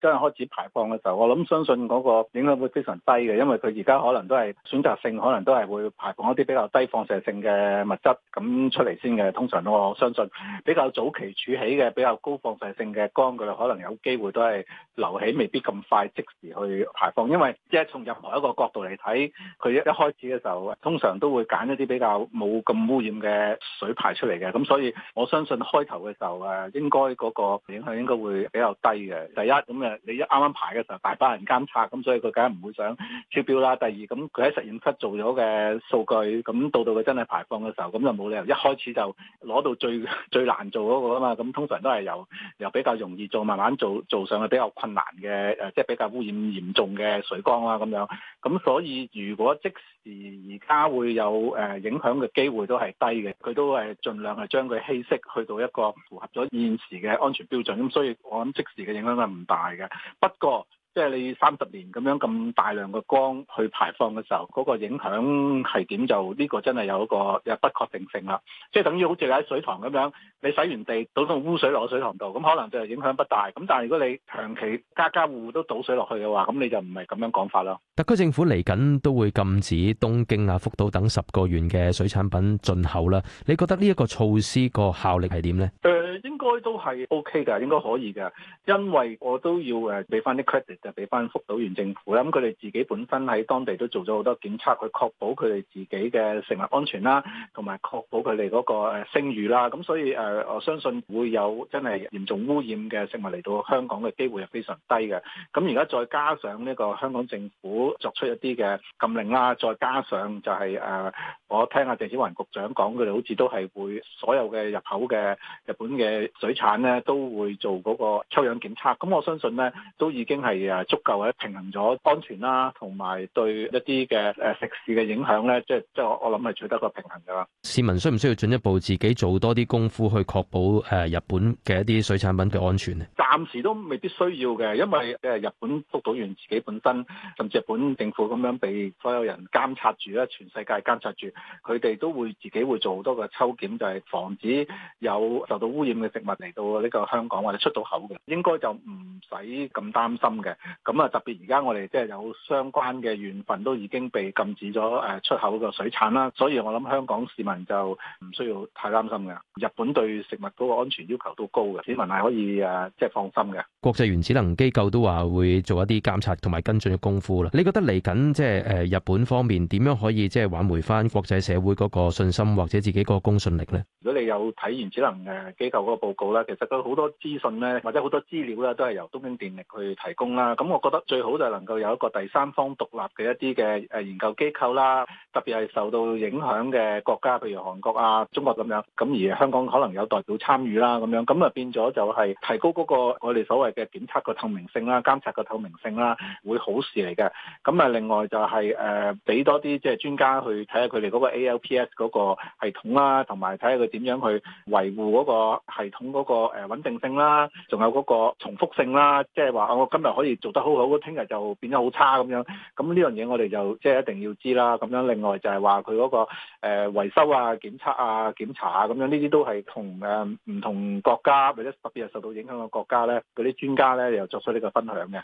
真係開始排放嘅時候，我諗相信嗰個影響會非常低嘅，因為佢而家可能都係選擇性，可能都係會排放一啲比較低放射性嘅物質咁出嚟先嘅。通常咯，我相信比較早期儲起嘅比較高放射性嘅光，佢可能有機會都係留起，未必咁快即時去排放。因為即係從任何一個角度嚟睇，佢一開始嘅時候，通常都會揀一啲比較冇咁污染嘅水排出嚟嘅。咁所以我相信開頭嘅時候誒，應該嗰個影響應該會比較低嘅。第一咁樣。你一啱啱排嘅時候，大班人監察，咁所以佢梗係唔會想超標啦。第二，咁佢喺實驗室做咗嘅數據，咁到到佢真係排放嘅時候，咁就冇理由一開始就攞到最最難做嗰個吖嘛。咁通常都係由由比較容易做，慢慢做做上去比較困難嘅誒、呃，即係比較污染嚴重嘅水缸啦咁樣。咁所以如果即時而家會有誒影響嘅機會都係低嘅，佢都係盡量係將佢稀釋去到一個符合咗現時嘅安全標準。咁所以我諗即時嘅影響係唔大。不過，即係你三十年咁樣咁大量嘅光，去排放嘅時候，嗰個影響係點就呢個真係有一個有不確定性啦。即係等於好似喺水塘咁樣，你洗完地倒到污水落個水塘度，咁可能就係影響不大。咁但係如果你長期家家戶戶都倒水落去嘅話，咁你就唔係咁樣講法啦。特區政府嚟緊都會禁止東京啊、福島等十個縣嘅水產品進口啦。你覺得呢一個措施個效力係點呢？都係 OK 㗎，應該可以嘅，因為我都要誒俾翻啲 credit 啊，俾翻福島縣政府啦，咁佢哋自己本身喺當地都做咗好多檢測，去確保佢哋自己嘅食物安全啦，同埋確保佢哋嗰個誒聲譽啦，咁所以誒我相信會有真係嚴重污染嘅食物嚟到香港嘅機會係非常低嘅。咁而家再加上呢個香港政府作出一啲嘅禁令啦，再加上就係、是、誒我聽阿鄭小雲局長講，佢哋好似都係會所有嘅入口嘅日本嘅水水產咧都會做嗰個抽樣檢測，咁我相信咧都已經係誒足夠嘅平衡咗安全啦，同埋對一啲嘅誒食肆嘅影響咧，即係即係我諗係取得個平衡㗎喇。市民需唔需要進一步自己做多啲功夫去確保誒日本嘅一啲水產品嘅安全咧？暫時都未必需要嘅，因為誒日本福島源自己本身，甚至日本政府咁樣被所有人監察住啦，全世界監察住，佢哋都會自己會做好多個抽檢，就係、是、防止有受到污染嘅食物嚟到呢個香港或者出到口嘅，應該就唔使咁擔心嘅。咁啊，特別而家我哋即係有相關嘅縣份都已經被禁止咗誒出口個水產啦，所以我諗香港市民就唔需要太擔心嘅。日本對食物嗰個安全要求都高嘅，市民係可以誒即係。就是放心嘅，國際原子能機構都話會做一啲監察同埋跟進嘅功夫啦。你覺得嚟緊即係誒日本方面點樣可以即係挽回翻國際社會嗰個信心或者自己個公信力咧？如果你有睇原子能誒機構嗰個報告咧，其實佢好多資訊咧或者好多資料咧都係由東京電力去提供啦。咁我覺得最好就能夠有一個第三方獨立嘅一啲嘅誒研究機構啦，特別係受到影響嘅國家，譬如韓國啊、中國咁樣。咁而香港可能有代表參與啦，咁樣咁啊變咗就係提高嗰個。我哋所謂嘅檢測個透明性啦，監察個透明性啦，會好事嚟嘅。咁啊，另外就係、是、誒，俾、呃、多啲即係專家去睇下佢哋嗰個 ALPS 嗰個系統啦，同埋睇下佢點樣去維護嗰個系統嗰個誒穩定性啦，仲有嗰個重複性啦，即係話我今日可以做得好好，聽日就變咗好差咁樣。咁呢樣嘢我哋就即係一定要知啦。咁樣另外就係話佢嗰個誒、呃、維修啊、檢測啊、檢查啊咁樣，呢啲都係同誒唔、嗯、同國家或者特別係受到影響嘅國家。咧嗰啲專家咧，又作出呢個分享嘅。